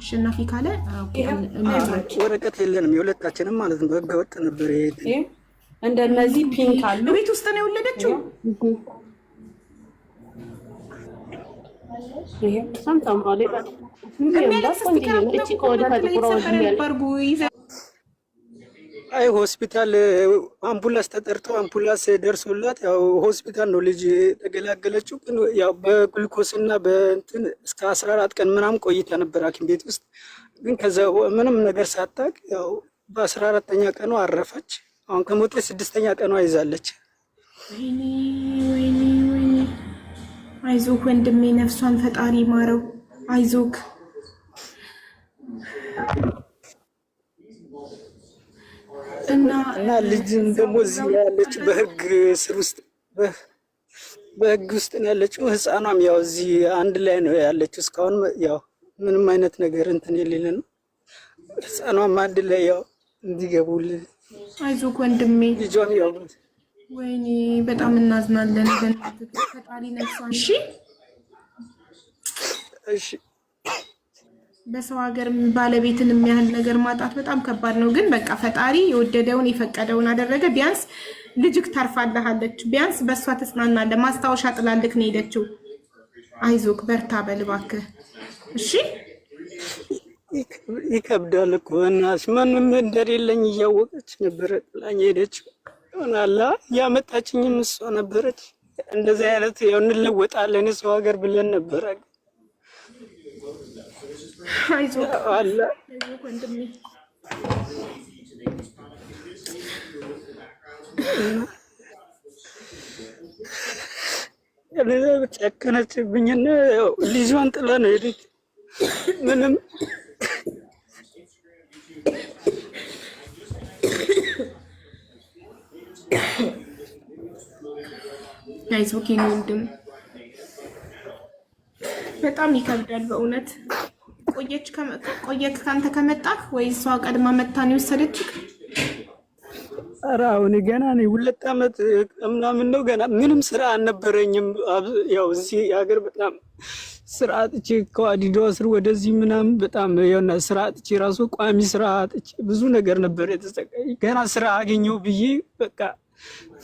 አሸናፊ ካለ ወረቀት የለንም የሁለታችንም ማለት ነው። ህገ ወጥ ነበር። እንደነዚህ ፒንክ አሉ። ቤት ውስጥ ነው የወለደችው። ይሄ ሳምታም ሰምታም ይዘ አይ ሆስፒታል አምቡላንስ ተጠርቶ አምቡላንስ ደርሶላት ያው ሆስፒታል ነው ልጅ ተገላገለችው ግን ያው በግሉኮስ እና በእንትን እስከ አስራ አራት ቀን ምናምን ቆይታ ነበር ሐኪም ቤት ውስጥ። ግን ከዛ ምንም ነገር ሳታቅ ያው በአስራ አራተኛ ቀኗ አረፈች። አሁን ከሞተ ስድስተኛ ቀኗ ይዛለች። ወይኔ አይዞክ ወንድሜ፣ ነፍሷን ፈጣሪ ማረው። አይዞክ እና ልጅን ደግሞ እዚህ ያለች በህግ ስር ውስጥ በህግ ውስጥ ነው ያለችው። ህፃኗም ያው እዚህ አንድ ላይ ነው ያለችው። እስካሁን ያው ምንም አይነት ነገር እንትን የሌለ ነው። ህፃኗም አንድ ላይ ያው እንዲገቡልን አይዞህ ወንድሜ። ልጇም ያው ወይኔ በጣም እናዝናለን። ፈጣሪ ነፍሷን እሺ እሺ በሰው ሀገር ባለቤትን የሚያህል ነገር ማጣት በጣም ከባድ ነው። ግን በቃ ፈጣሪ የወደደውን የፈቀደውን አደረገ። ቢያንስ ልጅክ ታርፋለሃለች። ቢያንስ በእሷ ተጽናናለ። ማስታወሻ ጥላልክ ነው ሄደችው። አይዞክ በርታ በልባክ እሺ። ይከብዳል እኮ እናትሽ ማንም እንደሌለኝ እያወቀች ነበረ ጥላኝ ሄደችው። ሆናላ ያመጣችኝም እሷ ነበረች። እንደዚህ አይነት ያው እንለወጣለን የሰው ሀገር ብለን ነበረ ሌላ ጨከነችብኝና ልጇን ጥላ ነው ሄደች። ምንም አይዞህ ወንድም፣ በጣም ይከብዳል በእውነት። ቆየክ ከአንተ ከመጣህ ወይ እሷ ቀድማ መታ ነው የወሰደችህ? ኧረ አሁን ገና እኔ ሁለት ዓመት ምናምን ነው ገና ምንም ስራ አልነበረኝም። ያው እዚህ ሀገር በጣም ስራ አጥቼ ከዋዲዶ ስር ወደዚህ ምናምን በጣም የሆነ ስራ አጥቼ ራሱ ቋሚ ስራ አጥቼ ብዙ ነገር ነበር የተሰቃይ። ገና ስራ አገኘው ብዬ በቃ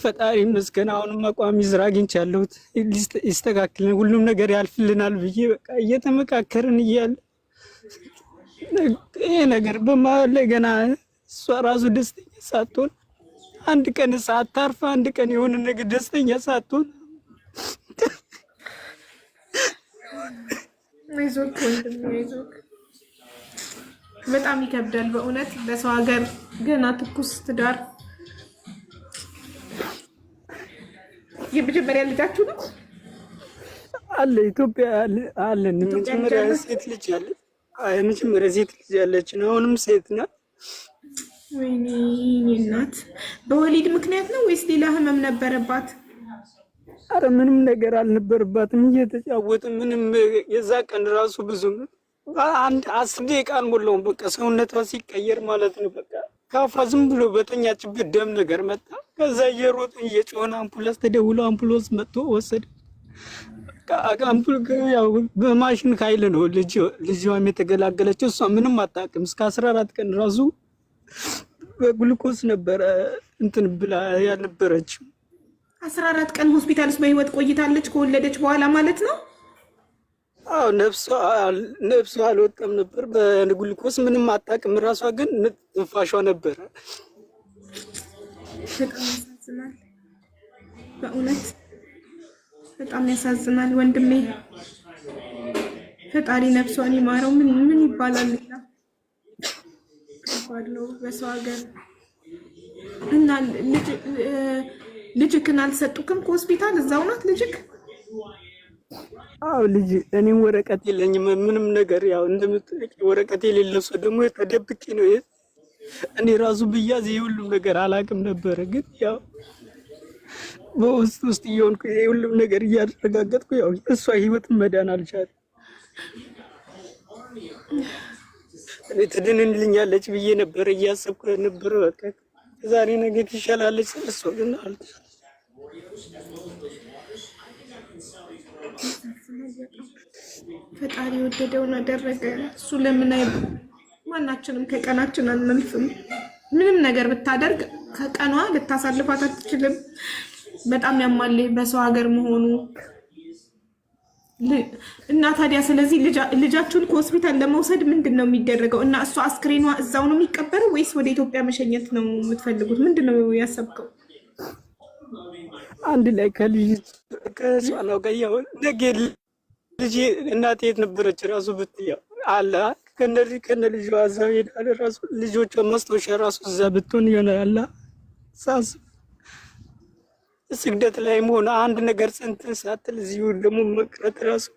ፈጣሪ ይመስገን አሁንማ ቋሚ ስራ አግኝቻለሁት። ይስተካክልን ሁሉም ነገር ያልፍልናል ብዬ በቃ እየተመካከርን እያለ ይሄ ነገር በመሀል ላይ ገና እሷ ራሱ ደስተኛ ሳትሆን አንድ ቀን ሰዓት ታርፋ አንድ ቀን የሆነ ነገር ደስተኛ ሳትሆን አይዞክ ወንድሜ አይዞክ። በጣም ይከብዳል በእውነት በሰው ሀገር ገና ትኩስ ትዳር። የመጀመሪያ ልጃችሁ ነው አለ ኢትዮጵያ አለን። የመጀመሪያ ሴት ልጅ አለን የመጀመሪያ ሴት ልጅ ነው። አሁንም ሴት ናት። ወይኔ እናት በወሊድ ምክንያት ነው ወይስ ሌላ ህመም ነበረባት? አረ ምንም ነገር አልነበረባትም። እየተጫወት ምንም የዛ ቀን ራሱ ብዙ አንድ አስር ደቂቃ አልሞላውም። በቃ ሰውነቷ ሲቀየር ማለት ነው። በቃ ካፋ ዝም ብሎ በተኛችበት ደም ነገር መጣ። ከዛ እየሮጥን እየጮህን አምፑላስ ተደውሎ አምፑላስ መጥቶ ወሰደ። በማሽን ኃይል ነው ልጅዋም የተገላገለችው። እሷ ምንም አታውቅም። እስከ አስራ አራት ቀን ራሱ በግሉኮስ ነበረ እንትን ብላ ያልነበረችው። አስራ አራት ቀን ሆስፒታል ውስጥ በህይወት ቆይታለች ከወለደች በኋላ ማለት ነው። አዎ ነፍሷ አልወጣም ነበር በግሉኮስ ምንም አታውቅም። ራሷ ግን ትንፋሿ ነበረ። በእውነት በጣም ያሳዝናል ወንድሜ። ፈጣሪ ነፍሷን ይማረው። ምን ምን ይባላል ባለው በሰው ሀገር እና ልጅክን አልሰጡክም ከሆስፒታል? እዛው ናት ልጅክ? አዎ ልጅ እኔም ወረቀት የለኝም ምንም ነገር። ያው እንደምትጠቂ ወረቀት የሌለው ሰው ደግሞ ተደብቄ ነው። እኔ ራሱ ብያዝ የሁሉም ነገር አላውቅም ነበረ ግን ያው በውስጥ ውስጥ እየሆንኩ የሁሉም ነገር እያረጋገጥኩ ያው እሷ ህይወት መዳን አልቻለ እኔ ትድንልኛለች ብዬ ነበር እያሰብኩ ነበር። በቃ ዛሬ ነገ ትሻላለች። እሷ ግን አልቻለም። ፈጣሪ የወደደውን አደረገ። እሱ ለምን ማናችንም ከቀናችን አንመልፍም። ምንም ነገር ብታደርግ ከቀኗ ልታሳልፋት አትችልም። በጣም ያማል በሰው ሀገር መሆኑ እና ታዲያ ስለዚህ ልጃችሁን ከሆስፒታል ለመውሰድ ምንድን ነው የሚደረገው? እና እሷ አስክሬኗ እዛው ነው የሚቀበረው ወይስ ወደ ኢትዮጵያ መሸኘት ነው የምትፈልጉት? ምንድን ነው ያሰብከው? አንድ ላይ ከልጅ ከህፃናው ነገ ልጅ እናት የት ነበረች ራሱ ብትያው አለ ከነዚህ ከነ ልጅ እዛ ሄዳለ ራሱ ልጆቿ መስጦሻ ራሱ እዛ ብትሆን ይሆናላ ሳስብ ስግደት ላይ መሆን አንድ ነገር ጽንትን ሳትል እዚሁ ደግሞ መቅረት ራሱ